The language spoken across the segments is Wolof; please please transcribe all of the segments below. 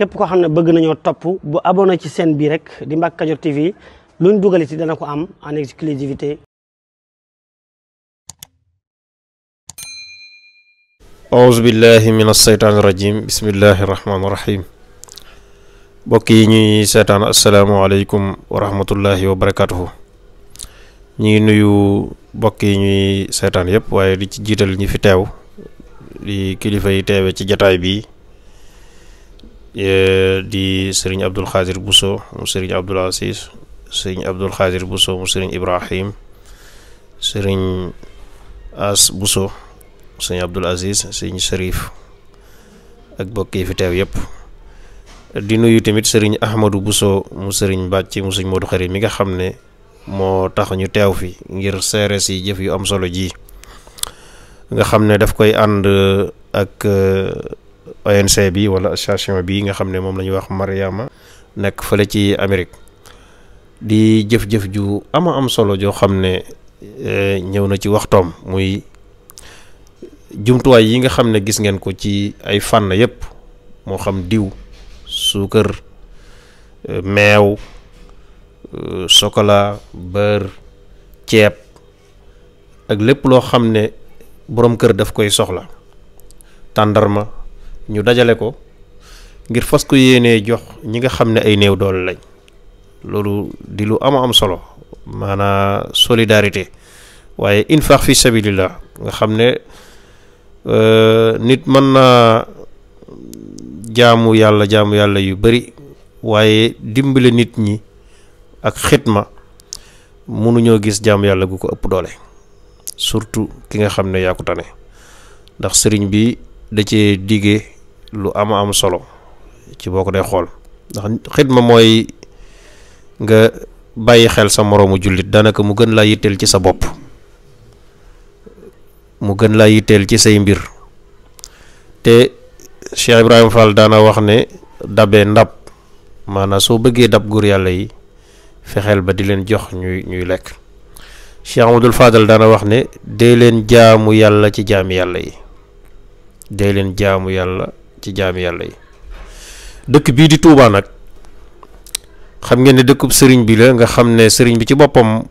képp koo xam ne bëgg nañoo topp bu abonné ci seen bii rek di Mbacke Kadior TV luñ dugal ci dana ko am en exclusivité auzu billahi min asheytaani rajim bismillahi rahmaani rahim mbokk yi ñuy seetaan asalaamaaleykum wa rahmatullahi wa barakatuhu ñu ngi nuyu mbokk yi ñuy seetaan yëpp waaye di ci jiital ñi fi teew di kilifa yi teewe ci jataay bi Eh, di sëriñ Abdul Xaadir Bousso mu sëriñ Abdul Aziz sëriñ Abdul Xaadir Bousso mu sëriñ Ibrahim sëriñ As Bousso sëriñ Abdul Aziz sëriñ sërif ak bokk yi fi teew yëpp. di nuyu tamit sëriñ Ahmadou Bousso mu sëriñ Bàcc mu sëriñ Modou Xarit mi nga xam ne moo tax ñu teew fi ngir seere si jëf yu am solo ji nga xam ne daf koy ànd ak. ONC bi wala association bi nga xam ne moom la wax mariyaama nekk fële ci Amérique di jëf-jëf ju ama am solo joo xam ne eh, ñëw na ci waxtoom muy jumtuwaay yi nga xam ne gis ngeen ko ci ay fànn yëpp moo xam diw suukar eh, meew chocolat eh, bër ceeb ak lépp loo xam ne boroom kër daf koy soxla tàndarma ñu dajale ko ngir fas ko yéene jox ñi nga xam ne ay néew doole lañ loolu di lu am am solo maanaa solidarité waaye infaq fi sabilillah nga xam ne euh, nit mën naa jaamu yàlla jaamu yàlla yu bari waaye dimbale nit ñi ak ma mënuñoo gis jaamu yàlla gu ko ëpp doole surtout ki nga xam ne yaa ndax sëriñ bi da cee digee lu am am solo ci boo ko dee xool ndax xidma mooy nga bàyyi xel sa moroomu jullit dana ko mu gën laa yitteel ci sa bopp mu gën laa yitteel ci say mbir te Cheikh Ibrahima Fall daana wax ne dabe ndab maanaa soo bëggee dab guur yàlla yi fexeel ba di leen jox ñuy ñuy lekk Cheikh Amadul Fadal daana wax ne dee leen jaamu yàlla ci jaami yàlla yi dee leen jaamu yàlla ci jaami yàlla yi dëkk bii di tuubaa nag xam ngeen ne dëkkub sëriñ bi la nga xam ne sëriñ bi ci boppam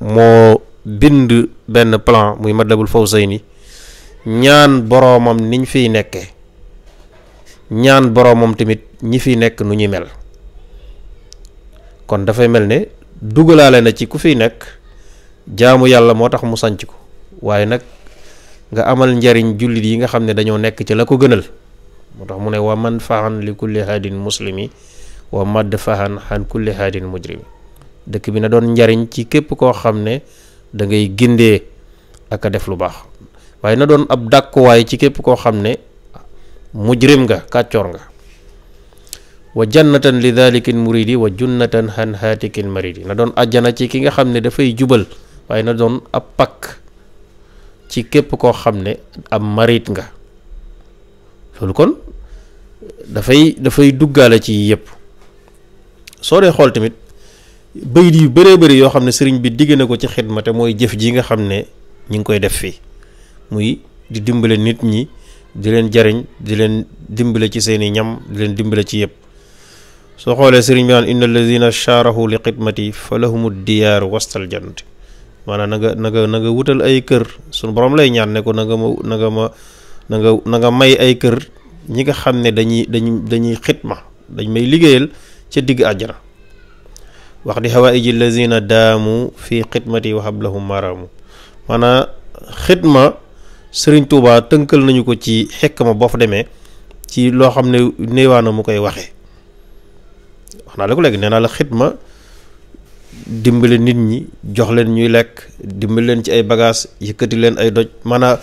moo bind benn plan muy Matlabul Fawzayni ñaan boroomam niñ fiy nekke ñaan boroomam tamit ñi fiy nekk nu ñuy mel kon dafay mel ne dugalaale na ci ku fiy nekk jaamu yàlla moo tax mu sanc ko waaye nag nga amal njariñ jullit yi nga xam ne dañoo nekk ci la ko gënal moo tax mu ne wa man fahan li kulli haadin muslimi wa madd fahan xan kulli haadin mujrimi dëkk bi na doon njariñ ci képp koo xam ne da ngay gindee ak def lu baax waaye na doon ab dàkkuwaay ci képp koo xam ne mujrim nga kàccoor nga wa jannatan li dalikin muridi wa junnatan xan haatikin maridi na doon ajjana ci ki nga xam ne dafay jubal waaye na doon ab pakk ci képp koo xam ne am marit nga loolu kon dafay dafay duggaale ci yëpp soo dee xool tamit bayit yu baree bëri yoo xam ne sëriñ bi digg na ko ci xidma te mooy jëf ji nga xam ne ñi ngi koy def fii muy di dimbale nit ñi di leen jariñ di leen dimbale ci seeni ñam di leen dimbale ci yëpp soo xoolee sëriñ bi naan inna alladina shaarahu li xidmati fa lahumu diyaaru wastal jannati maanaam na nga wutal ay kër suñu borom lay ñaan ne ko na ma na ma na nga na may ay kër ñi nga xam ne dañuy dañuy dañuy xitma dañ may liggéeyal ca digg àjjana wax di xawaaiji lazina daamu fii xidmati wa hablahum maraamu maanaam ma sëriñ tuubaa tënkal nañu ko ci xekk ma boo fa demee ci loo xam ne néewaana mu koy waxee wax naa la ko léegi nee naa la xidma dimbale nit ñi jox leen ñuy lekk dimbale leen ci ay bagages yëkkati leen ay doj maanaam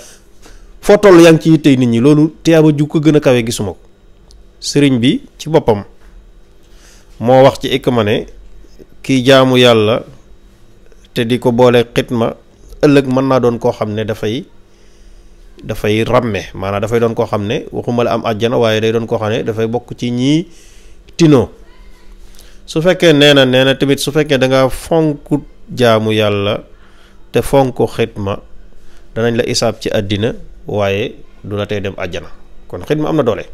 foo toll yaa ngi ci yittey nit ñi loolu tiyaaba ju ko gën a kawe gisuma ko sëriñ bi ci boppam moo wax ci ikma ne kiy jaamu yàlla te di ko boole ma ëllëg mën naa doon koo xam ne dafay dafay ràmme maanaam dafay doon koo xam ne waxuma la am àjjana waaye day doon koo xam ne dafay bokk ci ñii tino su fekkee nee na nee na tamit su fekkee da nga fonk jaamu yàlla te fonk xitma danañ la isaab ci àddina waaye du la tey dem àjjana kon xidma am na doole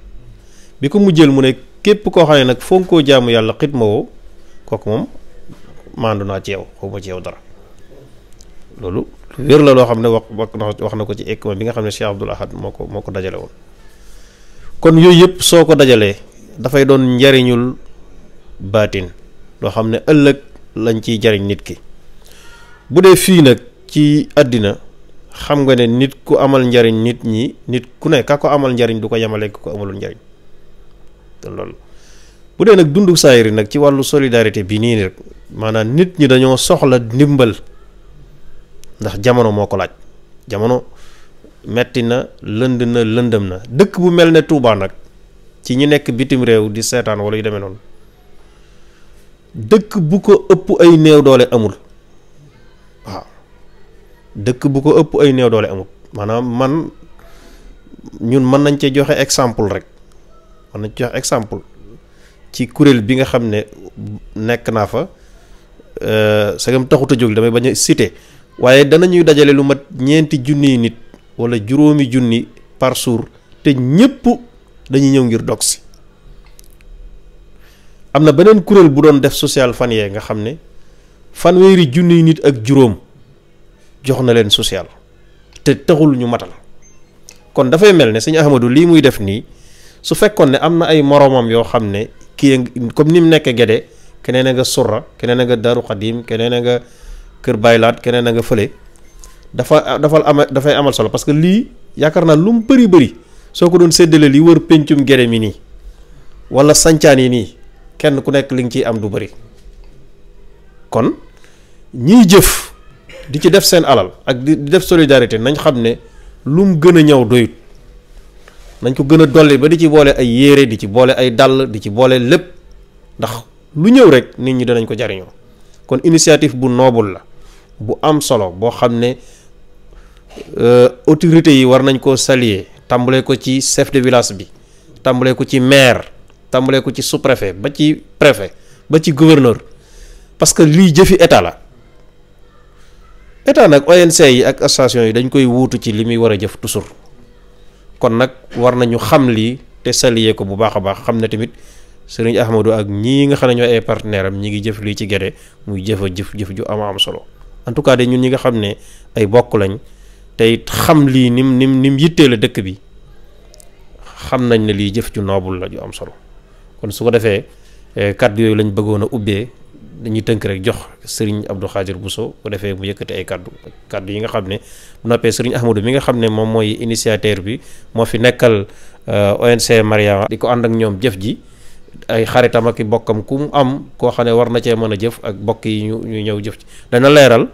bi ko mujjeel mu ne képp koo xam ne nag foo koo jaamu yàlla xidma woo kooku moom maandu naa ci yow xaw ci yow dara loolu wér la loo xam ne wax wax na ko ci ek bi nga xam ne Cheikh Abdoul Ahad moo ko moo ko dajale woon kon yooyu yëpp soo ko dajalee dafay doon njariñul baatin loo xam ne ëllëg lañ ciy jariñ nit ki bu dee fii nag ci àddina xam nga ne nit ku amal njariñ nit ñi nit ku ne ka ko amal njariñ du ko yemale ko amalul njariñ te loolu bu dee nag dundu saayiri nag ci wàllu solidarité bi nii rek maanaam nit ñi dañoo soxla ndimbal ndax jamono moo ko laaj jamono metti na lënd na lëndëm na dëkk bu mel ne Touba nag ci ñi nekk bitim réew di seetaan wala yu demee noonu dëkk bu ko ëpp ay néew doole amul dëkk bu ko ëpp ay néew doole amut maanaam man ñun mën nañ cee joxe exemple rek mën nañ ci joxe exemple ci kuréel bi nga xam ne nekk naa fa euh, sagam taxut a jóg damay bañ a cité waaye danañuy dajale lu mat ñeenti junniy nit wala juróomi junni par te ñëpp dañuy ñëw ngir dog am na beneen kuréel bu doon def social fan yee nga xam ne fanweeri junniy nit ak juróom jox na leen social te taxul ñu matal kon dafay mel ne sëñ Ahmadou lii muy def nii su fekkoon ne am na ay moroomam yoo xam ne kii comme ni mu nekk Gédé keneen a nga surra keneen a nga Daaru Xadim keneen a nga Kër Baylaat keneen a nga fële dafa dafa ama dafay amal solo parce que lii yaakaar naa lu mu bëri bari soo ko doon séddale li wër pencum Gédé mi nii wala sancaan yi nii kenn ku nekk li nga ciy am du bëri kon ñiy jëf. di ci def seen alal ak di def solidarité nañ xam ne lu mu gën a ñëw doyut nañ ko gën a dolli ba di ci boole ay yére di ci boole ay dàll di ci boole lépp ndax lu ñëw rek nit ñi danañ ko jariñoo kon initiative bu noobul la bu am solo boo xam ne euh, autorités yi war nañ koo saluer tàmbalee ko ci chef de village bi tàmbalee ko ci maire tàmbalee ko ci sous ba ci préfet ba ci gouverneur parce que lii jëfi état la état nag ONC yi ak association yi dañ koy wuutu ci li muy war a jëf toujours kon nag war nañu xam lii te saliyee ko bu baax a baax xam ne tamit sëriñ Ahmadou ak ñii nga xam ne ñooy ay partenaire am ñi ngi jëf ci gerte muy jëfa jëf ju am am solo en tout cas de ñun ñi nga xam ne ay bokk lañ tey xam lii nim nim nim yittee la dëkk bi xam nañ ne lii jëf ju noobul la ju am solo kon su ko defee eh, kàddu yooyu lañ bëggoon a ubbee dañuy tënk rek jox sëriñ Abdou Khadir Bousso bu defee bu yëkkati ay kaddu kaddu yi nga xam ne bu noppee sëriñ Ahmadou mi nga xam ne moom mooy initiateur bi moo fi nekkal euh, ONC Mariama di ko ànd ak ñoom jëf ji ay xaritam ak i bokkam ku mu am koo xam ne war na cee mën a jëf ak bokk yi ñu ñu ñëw jëf ci dana leeral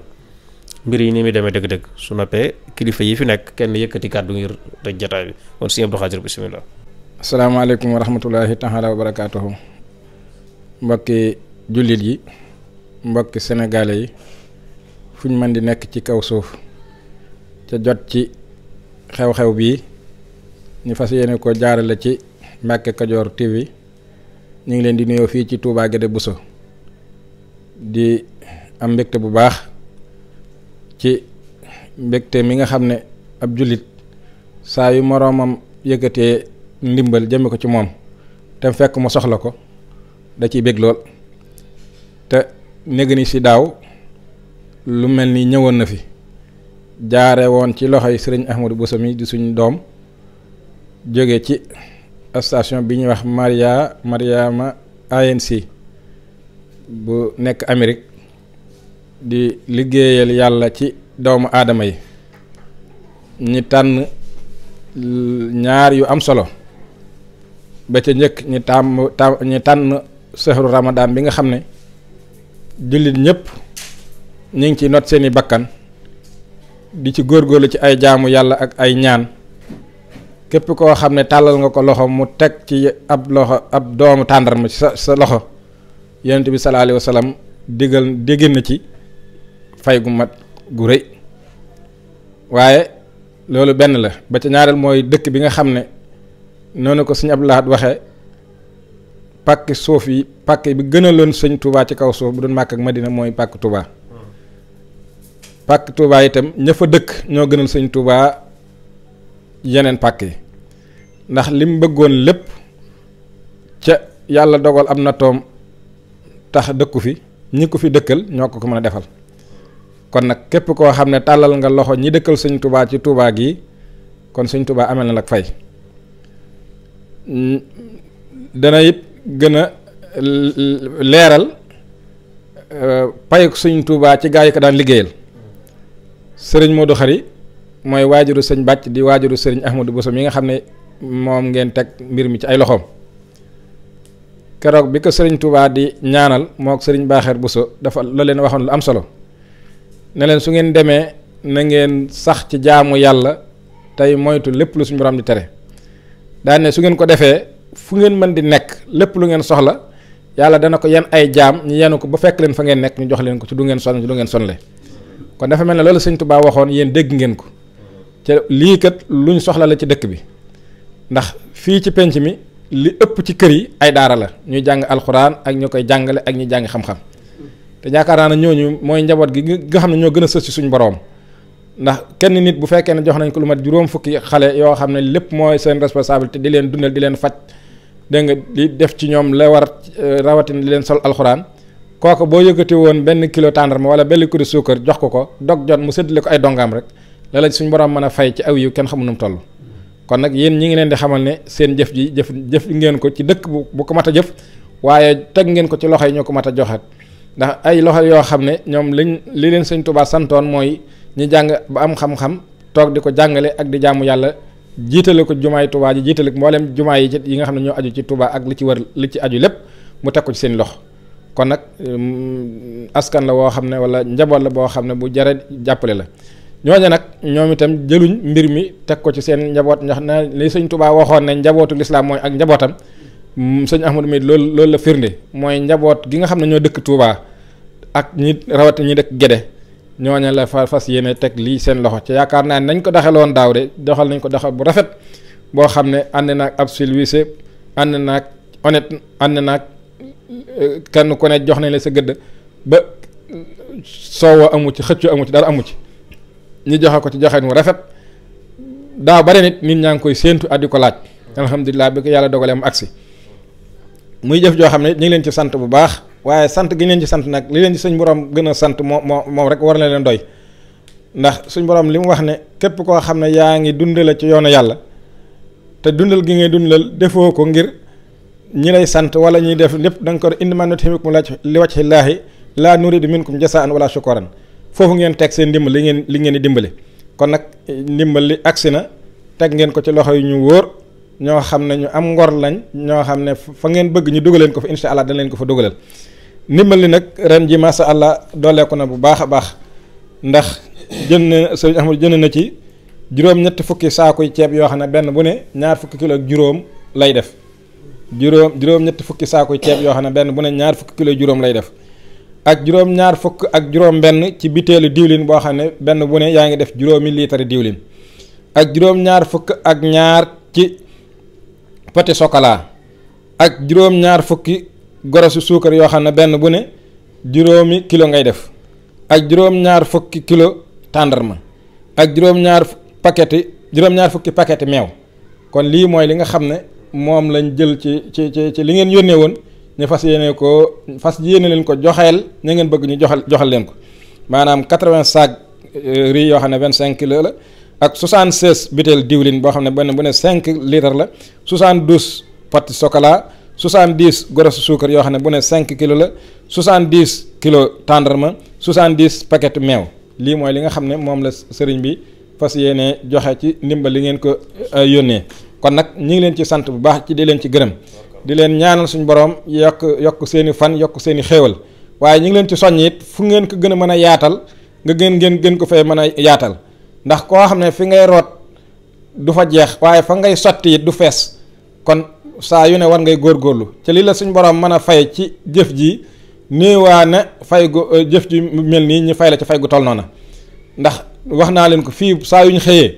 mbir yi ni muy demee dëgg-dëgg su noppee kilifa yi fi nekk kenn yëkkati kaddu ngir tëj jotaay bi kon sëriñ Abdou Khadir bisimilah. asalaamaaleykum wa rahmatulahi taala wa barakaatuhu mbokki jullit yi mbokki sénégalais yi fu ñu mën di nekk ci kaw suuf ca jot ci xew-xew bii ñu fas yéene ko jaarale ci Mbacke kajoor TV ñu ngi leen di nuyoo fii ci Touba Guédé Bousso di am mbégte bu baax ci mbégte mi nga xam ne ab jullit saa yu moroomam yëkkatee ndimbal jëme ko ci moom te fekk mu soxla ko da ciy bég lool te néega ni si daaw lu mel ni ñëwoon na fi jaare woon ci loxoy sëriñ Ahmadou Bousso mi di suñ doom jóge ci station bi ñuy wax Maria Mariama ANC bu nekk amerig di liggéeyal yàlla ci doomu aadama yi ñi tànn ñaar yu am solo ba ca njëkk ñi tànn sëxru Ramadan bi nga xam ne jullit ñëpp ñu ngi ci not seeni bakkan di ci góor góorgóorlu ci ay jaamu yàlla ak ay ñaan képp koo xam ne tàllal nga ko loxo mu teg ci ab loxo ab doomu tàndarma ci sa sa loxo yonent bi sallallahu alayhi wa sallam digal na ci fay gu mat gu rëy waaye loolu benn la ba ca ñaareel mooy dëkk bi nga xam ne noonu ko suñu Abdou Lahad waxee pàkk suuf yi pàkk bi gën loon sëñ Touba ci kaw soof bu doon màkk ak dina mooy pàkk Touba pàkk Touba itam ña fa dëkk ñoo gënal sëñ Touba yeneen pàkk yi ndax li bëggoon lépp ca yàlla dogal am na toom tax dëkku fi ñi ko fi dëkkal ñoo ko ko mën a defal kon nag képp koo xam ne tàllal nga loxo ñi dëkkal sëñ Touba ci Touba gii kon sëñ Touba amel na nag fay dana it gën a leeral euh, payuk sëñ Tuubaa ci gaa yi ko daan liggéeyal sëriñ Modou Khary mooy waajuru sëñ bàcc di waajuru sëriñ Ahmadou Bousso mi nga xam ne moom ngeen teg mbir mi ci ay loxoom keroog bi ko sëriñ Touba di ñaanal moog sëriñ Baaxeer Bousso dafa la leen waxoon lu am solo ne su ngeen demee na ngeen sax ci jaamu yàlla tey moytu lépp lu suñu borom di tere daan su ngeen ko defee fu ngeen mën di nekk lépp lu ngeen soxla yàlla dana ko yan ay jaam ñu yenu ko ba fekk leen fa ngeen nekk ñu jox leen ko ci du ngeen sonn ci du ngeen sonle kon dafa mel ne loolu sëñ Tuubaa waxoon yéen dégg ngeen ko ca lii kat ñu soxla la ci dëkk bi ndax fii ci penc mi li ëpp ci kër yi ay daara la ñuy jàng alxuraan ak ñu koy jàngale ak ñu jàng xam-xam te yaakaar naa ne ñooñu mooy njaboot gi nga xam ne ñoo gën a sës ci suñu boroom ndax kenn nit bu fekkee ne jox nañ ko lu mat juróom fukki xale yoo xam ne lépp mooy seen responsabilité di leen dundal di leen faj dégg nga di def ci ñoom la war euh, rawatina di leen sol alxuraan kooku boo yëkkati woon benn kilo tàndarma wala benn kilo suukar jox ko ko dog jot mu séddale ko ay dongaam rek la la suñ borom mën a fay ci aw yiw kenn xamu nu toll. kon nag yéen ñi ngi leen di xamal ne seen jëf ji jëf jëf ngeen ko ci dëkk bu bu ko mat a jëf waaye teg ngeen ko ci loxo yi ñoo ko mat a joxaat ndax ay loxo yoo xam ne ñoom liñ li leen sëñ Tuubaa santoon mooy ñu jàng ba am xam-xam toog di ko jàngale ak di jaamu yàlla. jiitale ko jumaay Touba ji jiitale ko jumaa yi yi nga xam ne ñoo aju ci Touba ak li ci war li ci aju lépp mu teg ko ci seen loxo kon nag mm, askan la woo xam ne walla njaboot la boo xam ne bu jara jàppale la ñooñu nag ñoom itam jëluñ mbir mi teg ko ci seen njaboot ndax na li sëñ Touba waxoon ne njabootu lislaam mooy ak njabootam mm, sëñ Ahmadou Mbaye loolu loolu la firnde mooy njaboot gi nga xam ne ñoo dëkk Touba ak ñi rawat ñi dëkk Gede ñooña la fa fas yéene teg lii seen loxo ci yaakaar naa nañ ko doxaloon daaw de doxal nañ ko doxal bu rafet boo xam ne ànd naag ab silwise ànd naag honnête ànd naag euh, kenn ku ne jox nañ la sa gëdd ba soowa amu ci xëccu amu ci dara amu ci ñu joxe ko ci joxeen wu rafet daaw bare nit nit ñaa ngi koy séentu addi ko laaj alhamdulilah bi ko yàlla dogalee mu agsi muy jëf joo xam ne ñu ngi leen ci sant bu baax waaye sant gi leen ci sant nag li leen ci suñ borom gën a sant moo moo moom rek war na leen doy ndax suñ borom li mu wax ne képp koo xam ne yaa ngi dundale ci yoonu yàlla te dundal gi ngay dundal defoo ko ngir ñi lay sant wala ñuy def lépp da nga ko indiman nut'imukum li wajhi llaahi laa nuriidu minkum jazaa'an wala shukran foofu ngeen teg seen ndimbal li ngeen li ngeen di dimbali kon nag eh, ndimbal li agsi na teg ngeen ko ci loxo yi ñu wóor ñoo xam ne ñu am ngor lañ ñoo xam ne fa ngeen bëgg ñu dugaleen ko fa allah dana leen ko fa dugaleel ndimbal li nag ren ji macha àlla dolleeku na bu baax a baax ndax jënd na sëñ Ahmadu jënd na ci juróom-ñetti fukki saakuy ceeb yoo xam ne benn bu ne ñaar fukki kilo ak juróom lay def juróom juróom fukki saakuy ceeb yoo xam ne benn bu ne ñaar fukki kilo juróom lay def ak juróom-ñaar fukk ak juróom-benn ci biteelu diwlin boo xam ne benn bu ne yaa ngi def juróomi litre diwlin ak juróom-ñaar fukk ak ñaar ci poti chocolat ak juróom-ñaar fukki. gorosu suukar yoo xam ne benn bu ne juróomi kilo ngay def ak juróom-ñaar fukki kilo tàndarma ak juróom-ñaar paqueti juróom-ñaar fukki paqueti meew kon lii mooy li nga xam ne moom lañ jël ci ci ci ci li ngeen yónnee woon ñu fas yéene ko fas yéene leen ko joxeel ñu ngeen bëgg ñu joxal joxal leen ko maanaam quatre-vingts sacs euh, riz yoo xam ne vingt-cinq kilo la ak soixante-seize butéel diwlin boo xam ne benn bu ne cinq litres la soixante-douze pot chocolat 70 gorosu suukar yoo xam ne bu ne 5 kilos la 70 kilos tendrement 70 paquet meew lii mooy li nga xam ne moom la sëriñ bi fas yéene joxe ci ndimbal li ngeen ko euh, yónnee kon nag ñu ngi leen ci sant bu baax ci di leen ci gërëm di leen ñaanal suñu borom yokk yokk seeni fan yokk seen i xéewal waaye ñu ngi leen ci soññ it fu ngeen ko gën a mën a yaatal nga gën geen gën ko fay mën a yaatal ndax koo xam ne fi ngay root du fa jeex waaye fa ngay sotti it du fees saa yu ne war ngay góor góorlu ca lii la suñ borom mën a fay ci jëf ji néewaa na fay gu euh, jëf ji mel nii ñu fay la ci fay gu toll noona ndax wax naa leen ko fii saa ñu xëyee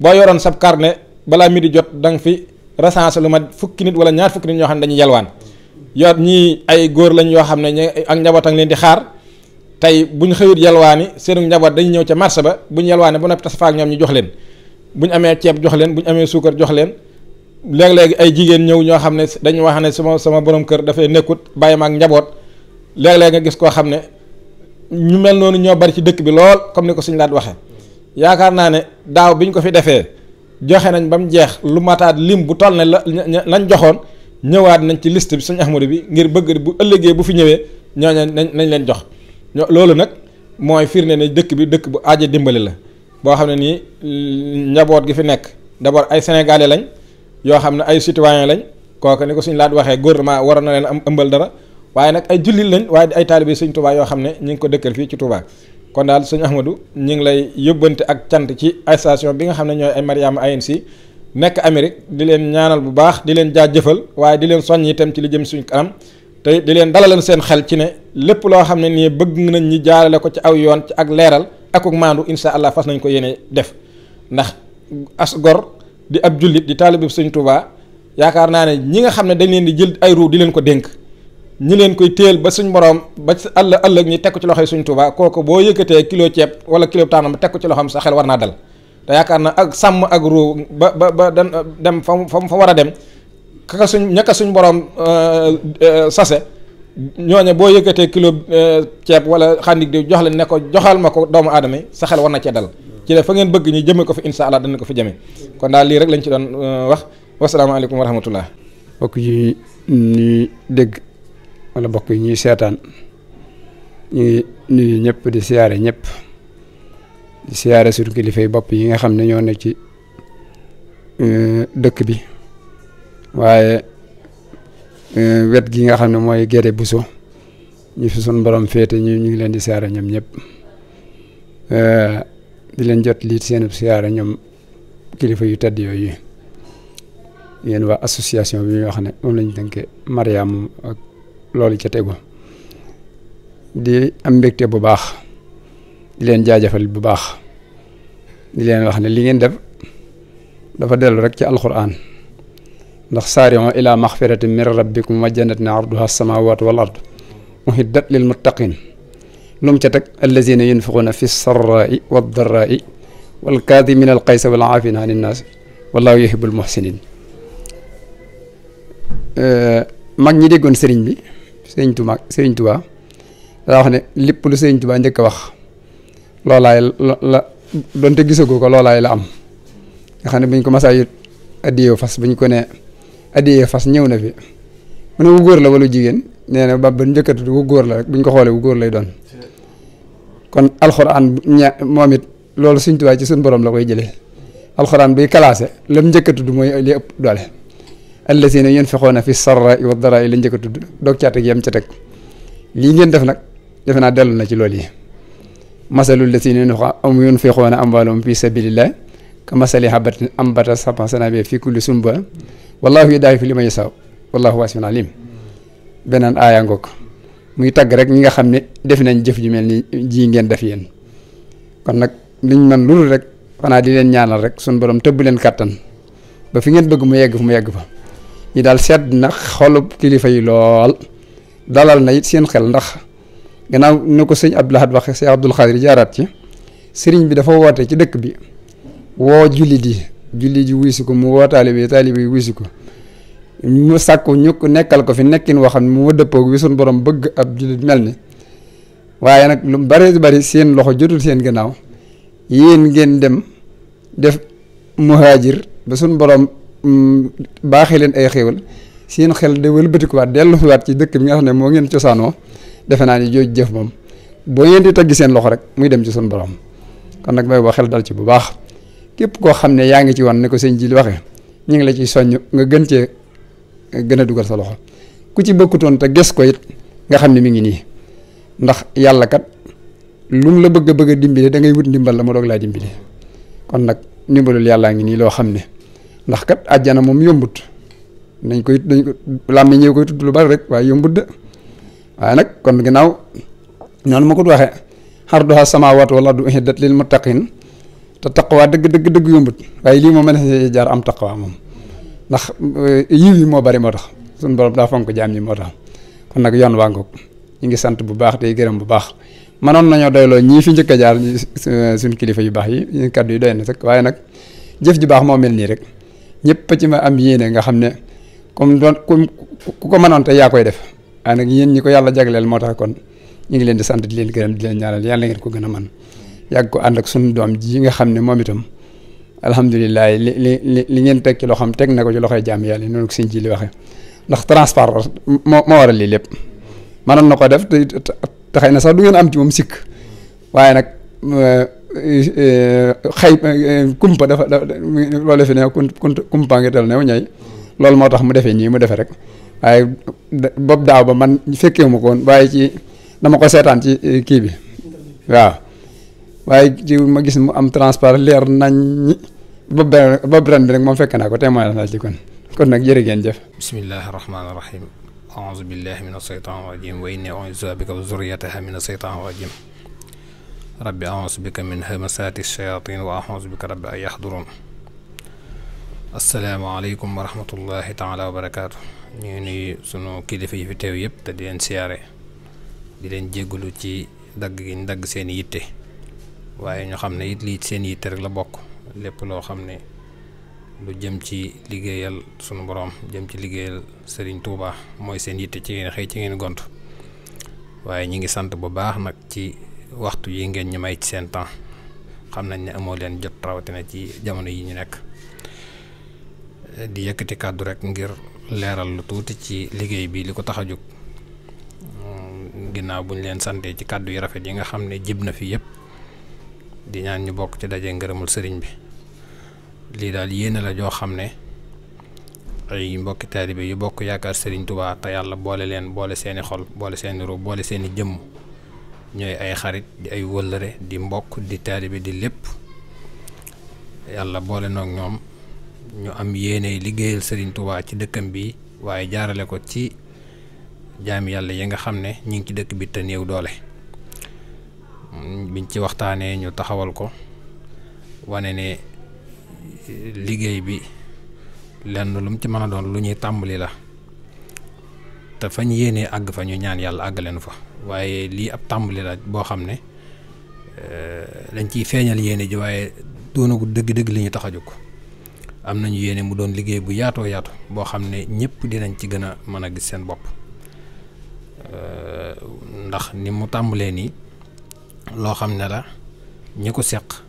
boo yoroon sab carnet balaa mi di jot da nga fi recensé lu ma fukki nit wala ñaar fukki nit ñoo xam ne dañuy yalwaan yoot ñii ay góor lañ yoo xam ne ñu ak njaboot ak leen di xaar tey buñ xëyut yalwaani seenu njaboot dañuy ñëw ca marché ba buñ yalwaani ba noppi tas ñoom ñu jox leen buñ amee ceeb jox leen buñ amee suukar jox leen léeg-léeg ay jigéen ñëw ñoo xam ne dañu wax ne sama sama boroom kër dafay nekkut bàyyi ma njaboot léeg-léeg nga gis koo xam ne ñu mel noonu ñoo bari ci dëkk bi lool comme ni ko suñ laat waxee yaakaar naa ne daaw bi ñu ko fi defee joxe nañ ba mu jeex lu mataat lim bu toll ne la lañ joxoon ñëwaat nañ ci liste bi suñu Ahmadu bi ngir bëgg bu ëllëgee bu fi ñëwee ñooñu nañ nañ leen jox loolu nag mooy firnde ne dëkk bi dëkk bu aaje dimbali la boo xam ne nii njaboot gi fi nekk d'abord ay sénégalais lañ. yoo xam ne ay citoyen lañ kooku ni ko suñ laat waxee gouvernement waroon na leen am ëmbal dara waaye nag ay jullit lañ waaye ay taalibe sëñ Touba yoo xam ne ñu ngi ko dëkkal fii ci Touba kon daal sëñ Ahmadou ñu ngi lay yóbbante ak cant ci association bi nga xam ne ñooy ay Mariama ANC nekk Amérique di leen ñaanal bu baax di leen jëfal waaye di leen soññ itam ci li jëm suñu kanam te di leen dalaleen seen xel ci ne lépp loo xam ne nii bëgg nañ ñi jaarale ko ci aw yoon ci ak leeral akuk maandu insha allah fas nañ ko yéene def ndax as gor di ab jullit di taalibe sëñ Touba yaakaar naa ne ñi nga xam ne dañ leen di jël ay ruu di leen ko dénk ñi leen koy téel ba suñ moroom ba àll ëllëg ñi teg ko ci loxoy sëñ Touba kooku boo yëkkatee kilo ceeb wala kilo tànn teg ko ci loxoom sa xel war naa yaakaar na ak sàmm ak ruu ba ba ba dem fa mu fa war a dem kaka suñ ñaka suñ borom euh, euh, sase ñooñe boo yëkkatee kilo euh, ceeb wala xandik diw jox leen ne ko joxal ma ko doomu aadama yi sa xel war na cee dal. ci la fa ngeen bëgg ñu jëme ko fi incha allah dana ko fi jëme kon daal lii rek lañ ci doon uh, wax wasalaamaaleykum wa rahmatullah mbokk yi ñuy dégg wala bokk yi ñuy seetaan ñu ngi ñëpp di siyaare ñëpp di siyaare suñu kilifa bopp yi nga xam ne ñoo ne ci uh, dëkk bi waaye uh, wet gi nga xam ne mooy gere buso ñu fi sun borom féete ñu ñu ngi leen di siyaare ñoom ñëpp di leen jot seenu seenub siyaara ñoom kilifa yu tedd yi yéen waa association bi ñuy wax ne moom lañ tënkee Mariama ak loolu ca tegu di am mbégte bu baax di leen jaajëfal bu baax di leen wax ne li ngeen def dafa dellu rek ci alquran ndax saarion ila maxfiratin min rabbikum wa jannatin arduha as-samawatu wal ard uhiddat lil muttaqin lu mu ca teg allazina yunfiquuna fi sarraai waddarraai walkaadimina alqaysa wal aafina an innaas wallaahu yuhibbul muhsinin mag ñi déggoon sëriñ bi sëriñ Tuubaa sëriñ Tuubaa daa wax ne lépp lu sëriñ Tuubaa njëkk a wax loolaay la donte gisagoo ko loolaay la am nga xam ne buñ ko masaa yu addiyee fas buñ ko ne addiyee fas ñëw na fi mu ne wu góor la wala jigéen nee na ba ba njëkkatu wu góor la rek buñ ko xoolee wu góor lay doon kon alxuraan ña moom it loolu Sëñ Tuubaa ci suñ borom la koy jëlee alxuraan buy classé lam njëkk a tudd mooy li ëpp doole allazina yunfiquuna fi sarra wa daraa la njëkk tudd doog caa teg yem ca teg lii ngeen def nag defe naa dellu na ci lool yi masalul lazina yunfiquuna amwaalahum fi sabilillah ka masali habatin ambatat sab'a sanaabil fi kulli sunbulatin wallaahu yudaa'ifu liman yashaa' wallaahu waasi'un aliim beneen aaya ngoog muy tagg rek ñi nga xam ne def nañ jëf ju mel ni jii ngeen def yéen kon nag liñ man loolu rek xanaa di leen ñaanal rek suñ borom tëbb leen kàttan ba fi ngeen bëgg mu yegg mu yegg fa ñi daal sedd na xolub kilifa yi lool dalal na it seen xel ndax gannaaw ne ko sëñ Abdou Lahad waxe sëñ Abdul Xaadir jaaraat ci sëriñ bi dafa woote ci dëkk bi woo julli di julli ji wuy ko mu woo taalibe taalibe yi ko mu sàkku ñu nekkal ko fi nekkin woo xam ne mu dëppoog wi suñ borom bëgg ab jullit mel ni waaye nag lu bari bari seen loxo jotul seen gannaaw yéen ngeen dem def muhaajir ba suñ borom mm, baaxee leen ay xéewal seen xel de wëlbatikuwaat delluwaat ci dëkk bi nga xam ne moo ngeen cosaanoo defe naa ni jooju jëf moom boo ngeen di tagg seen loxo rek muy dem ci suñ borom kon nag bay boo xel dal ci bu baax képp koo xam ne yaa ngi ci wan ne ko sëñ ji li waxee ñu ngi la ciy soññ nga gën cee gën a dugal sa loxo ku ci bëkkutoon te gis ko it nga xam ne mi ngi nii ndax yàlla kat lu mu la bëgg bëgg a dimbali da ngay wut ndimbal la ma doog laa dimbali kon nag ndimbalul yàllaa ngi nii loo xam ne ndax kat àjjana moom yombut nañ koy dañ ko làmmiñ ñëw koy tudd lu bari rek waaye yombut de waaye nag kon ginnaaw noonu ma ko waxee xarduha samaawaatu wal ardu uhiddat lil muttaqin te taqwa dëgg dëgg dëgg yombut waaye lii moom mën na jaar am taqwa moom ndax eh, yiw yi moo bari moo tax suñu borom daa fonk jaam ñi moo tax kon nag yoon waa ngoog ñu ngi sant bu baax tey gërëm bu baax manoon nañoo doyloo ñii fi njëkk a jaar eh, suñ kilifa yu baax yi ñu kaddu yi na sax waaye nag jëf ju baax moo mel nii rek ñëpp ci ma am yéene nga xam ne comme doon ku ko mënoon tey yaa koy def waaye nag yéen ñi ko yàlla jagleel moo tax kon ñu ngi leen di sant di leen gërëm di leen ñaanal yàlla ngeen ko gën a man yàgg ko ànd ak suñu doom yi nga xam ne moom itam alhamdulilah li li li ngeen li ci loo xam teg na ko ci loxoy jaam yàlla noonu ko li waxee ndax transparence moo moo waral lii lépp mënoon na ko def te taxay na sax du ngeen am ci moom sikk waaye nag euh, xay euh, kumpa dafa loolu fi ne kumpa ngi tal new ñay loolu moo tax mu defee nii mu defee rek waaye bopp daaw ba man fekkee ma ko woon waaye ci dama ko seetaan ci euh, kii bi waaw waaye ci ma gis mu am transport leer nañ ba benn ba ren bi nag moom fekk naa ko témoin naa ci kon kon nag jërë ngeen jëf. bismillahi rahmaani rahim. aouzu billahi min aseytaan rajim wa inni uizuha bika wa zurriyataha min aseytaan rajim rabbi aouzu bika min hamasaati shayatin wa aouzu bika rabbi an yaxduruun asalaamaaleykum wa rahmatullahi taala wa barakaatu ñu ngi nuyu sunu kilifa yi fi teew yëpp te di leen siyaare di leen jéggalu ci dagg gi ñu dagg seen yitte waaye ñu xam ne it lii seen yitte rek la bokk lépp loo xam ne lu jëm ci liggéeyal sunu borom jëm ci liggéeyal sëriñ Touba mooy seen yitte ci ngeen xëy ci ngeen gont waaye ñi ngi sant bu baax nag ci waxtu yi ngeen ñi may ci seen temps xam nañ ne amoo leen jot rawatina ci jamono yi ñu nekk di yëkkati kàddu rek ngir leeral lu tuuti ci liggéey bi li ko tax a jóg ginnaaw bu ñu leen santee ci kàddu yi rafet yi nga xam ne jib na fi yëpp di ñaan ñu bokk ci daje ngërëmul sëriñ bi lii daal yéene la joo xam ne ay mbokki taalibe yu bokk yaakaar sëriñ tubaa te yàlla boole leen boole seeni xol boole seeni ru boole seeni jëmm ñooy ay xarit di ay wëllëre di mbokk di taalibe di lépp yàlla boole noog ñoom ñu am yéene liggéeyal sëriñ tubaa ci dëkkam bi waaye jaarale ko ci jaami yàlla yi nga xam ne ñu ngi ci dëkk bi te néew doole mm, biñ ci waxtaanee ñu taxawal ko wane ne. liggéey bi lenn lum ci mën a doon lu ñuy tàmbali la te fañ yéene àgg fa ñu ñaan yàlla àgg leen fa waaye lii ab tàmbali la boo xam ne dañ euh, ciy feeñal yéene ji waaye doonagul dëgg-dëgg li ñu tax a jóg am nañu yéene mu doon liggéey bu yaatoo yaatu boo xam ne ñëpp dinañ ci gën a mën a gis seen bopp euh, ndax ni mu tàmbalee nii loo xam ne la ñi ko seq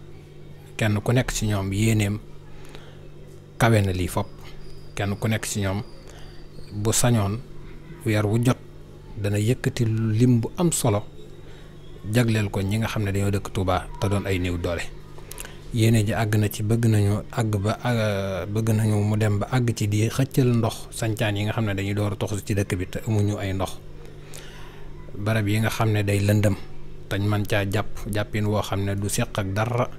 kenn ku nekk ci ñoom yéeneem kawe na lii fopp kenn ku nekk ci ñoom bu sañoon weer wu jot dana yëkkati lim bu am solo jagleel ko ñi nga xam ne dañoo dëkk Touba te doon ay néew doole yéene ji àgg na ci bëgg nañu àgg ba bëgg nañu mu dem ba àgg ci di xëccal ndox sancaan yi nga xam ne dañuy door a toxu ci dëkk bi te amuñu ay ndox barab yi nga xam ne day lëndëm tañ man caa jàpp jàppin woo xam ne du seq ak dara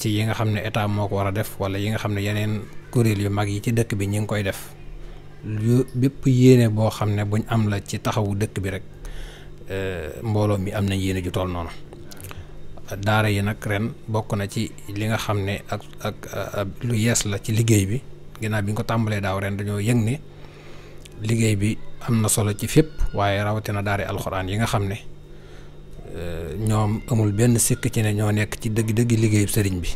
ci yi nga xam ne état moo ko war a def wala yi nga xam ne yeneen kuréel yu mag yi ci dëkk bi ñu ngi koy def yu bépp yéene boo xam ne buñ am la ci taxawu dëkk bi rek euh, mbooloo mi am na yéene ju tool noonu daara yi nag ren bokk na ci li nga xam ne ak ak lu yees la ci liggéey bi ginnaaw bi ñu ko tàmbalee daaw ren dañoo yëg ne liggéey bi am na solo ci fépp waaye rawatina daara alxuraan yi nga xam ne. Euh, ñoom amul benn sikk ci ne ñoo nekk ci dëgg-dëgg liggéeyu sëriñ bi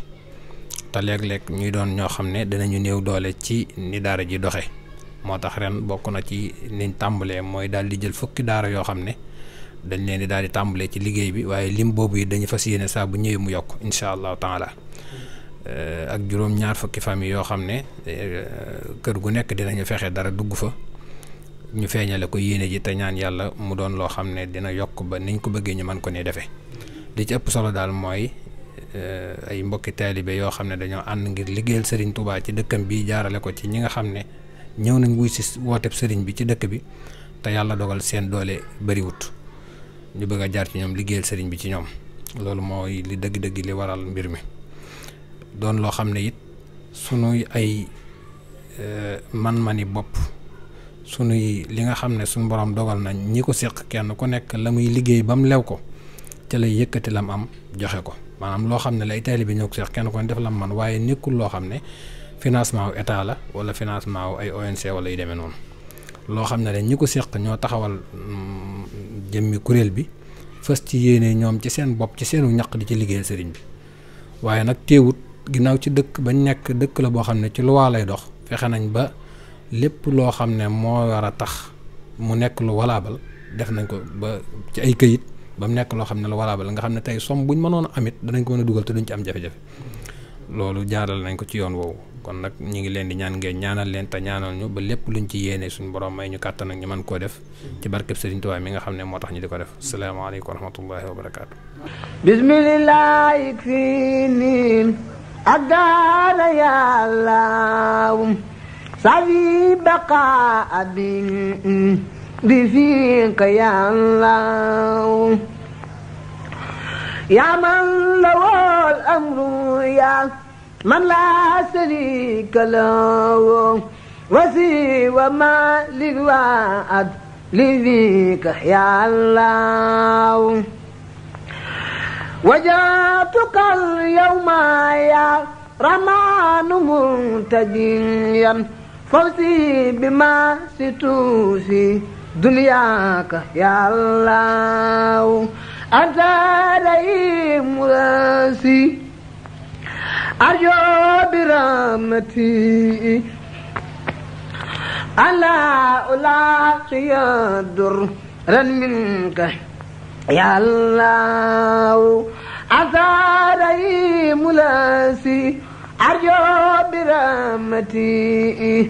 te léeg ñuy doon ñoo xam ne danañu néew doole ci ni daara ji doxe moo tax ren bokk na ci niñ tàmbalee mooy daal di jël fukki daara yoo xam ne dañ leen di daal di tàmbalee ci liggéey bi waaye lim boobu yi dañu fas yéene saa bu ñëwee mu yokk incha allahu taala euh, ak juróom ñaar fukki famille yoo xam ne euh, kër gu nekk dinañu fexe dara dugg fa ñu feeñale ko yéene ji te ñaan yàlla mu doon loo xam ne dina yokk ba niñ ko bëggee ñu man ko ni defee li ci ëpp solo daal mooy eh, ay mbokki taalibe yoo xam ne dañoo ànd ngir liggéeyal sëriñ Touba ci dëkkam bi jaarale ko ci ñi nga xam ne ñëw nañ wuy si wooteb sëriñ bi ci dëkk bi te yàlla dogal seen doole bariwut ñu bëgg a jaar ci ñoom liggéeyal sëriñ bi ci ñoom loolu mooy li dëgg-dëgg li waral mbir mi doon loo xam ne it sunu ay eh, man-mani bopp sunuy li nga xam ne suñu borom dogal nañ ñi ko séq kenn ku nekk la muy liggéey ba mu lew ko ca la yëkkati lam am joxe ko maanaam loo xam ne lay taali bi ñoo ko séq kenn ko ne def lam man waaye nekkul loo xam ne financement état la wala financement wu ay ONC wala demee noonu loo xam ne dañ ñi ko séq ñoo taxawal mm, jëmmi kuréel bi fës ci yéene ñoom ci seen bopp ci seenu ñaq di ci liggéey sëriñ bi waaye nag teewut ginnaaw ci dëkk bañ nekk dëkk la boo xam ne ci luwaa lay dox fexe nañ ba lépp loo xam ne moo war a tax mu nekk lu walaabal def nañ ko ba ci ay këyit ba mu nekk loo xam ne lu walaabal nga xam ne tey somm bu buñ mënoon a amit danañ ko mën a dugal te duñ ci am jafe-jafe loolu jaaral nañ ko ci yoon woowu kon nag ñu ngi leen di ñaan ngeen ñaanal leen te ñaanal ñu ba lépp luñ ci yéene suñu borom may ñu kàttan ak ñu man koo def ci barkeb Sëriñ Tuubaa mi nga xam ne moo tax ñu di ko def salaamaaleykum wa rahmatullahi wa barakaatu bismillahi fiin ak سبي بقاء بفيك يا الله يا من له الأمر يا من لا شريك له وسوى ما للوعد لذيك يا الله وجاتك اليوم يا رمان منتجيا fawsi bi ma si tuusi duniyaaka yàllaaw antaaday murasi arjo bi ramati ala ulaaqiya dur أرجو برحمتي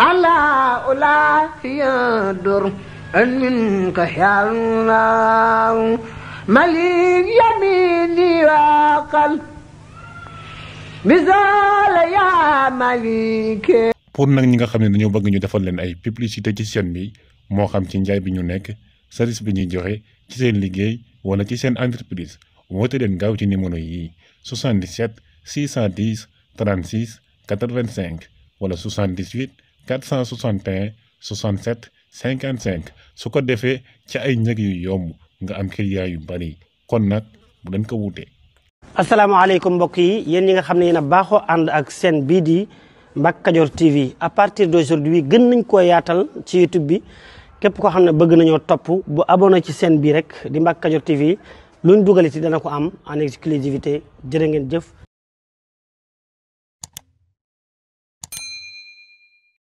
ألا أولا يدر أن منك يا الله مليك يميني وقل بزال يا مليك pour nag ñi nga xam ne dañoo bëgg ñu defal leen ay publicité ci seen bi moo xam ci njaay bi ñu nekk service bi ñuy joxe ci seen liggéey wala ci seen entreprise woote leen gaaw ci numéro yi 77 610 36 85 wala 78 461 67 55 su ko defee ci ay njëg yu yomb nga am client yu bari kon nag bu leen ko wuute. asalaamaaleykum mbokk yi yéen yi nga xam ne yéen a baaxoo ànd ak seen bii di Mbacke Kadior TV à partir d'aujourd'hui gën nañ koo yaatal ci YouTube bi képp koo xam ne bëgg nañoo topp bu abonné ci seen bii rek di Mbacke Kadior TV luñ dugaliti dana ko am en exclusivité jërë ngeen jëf.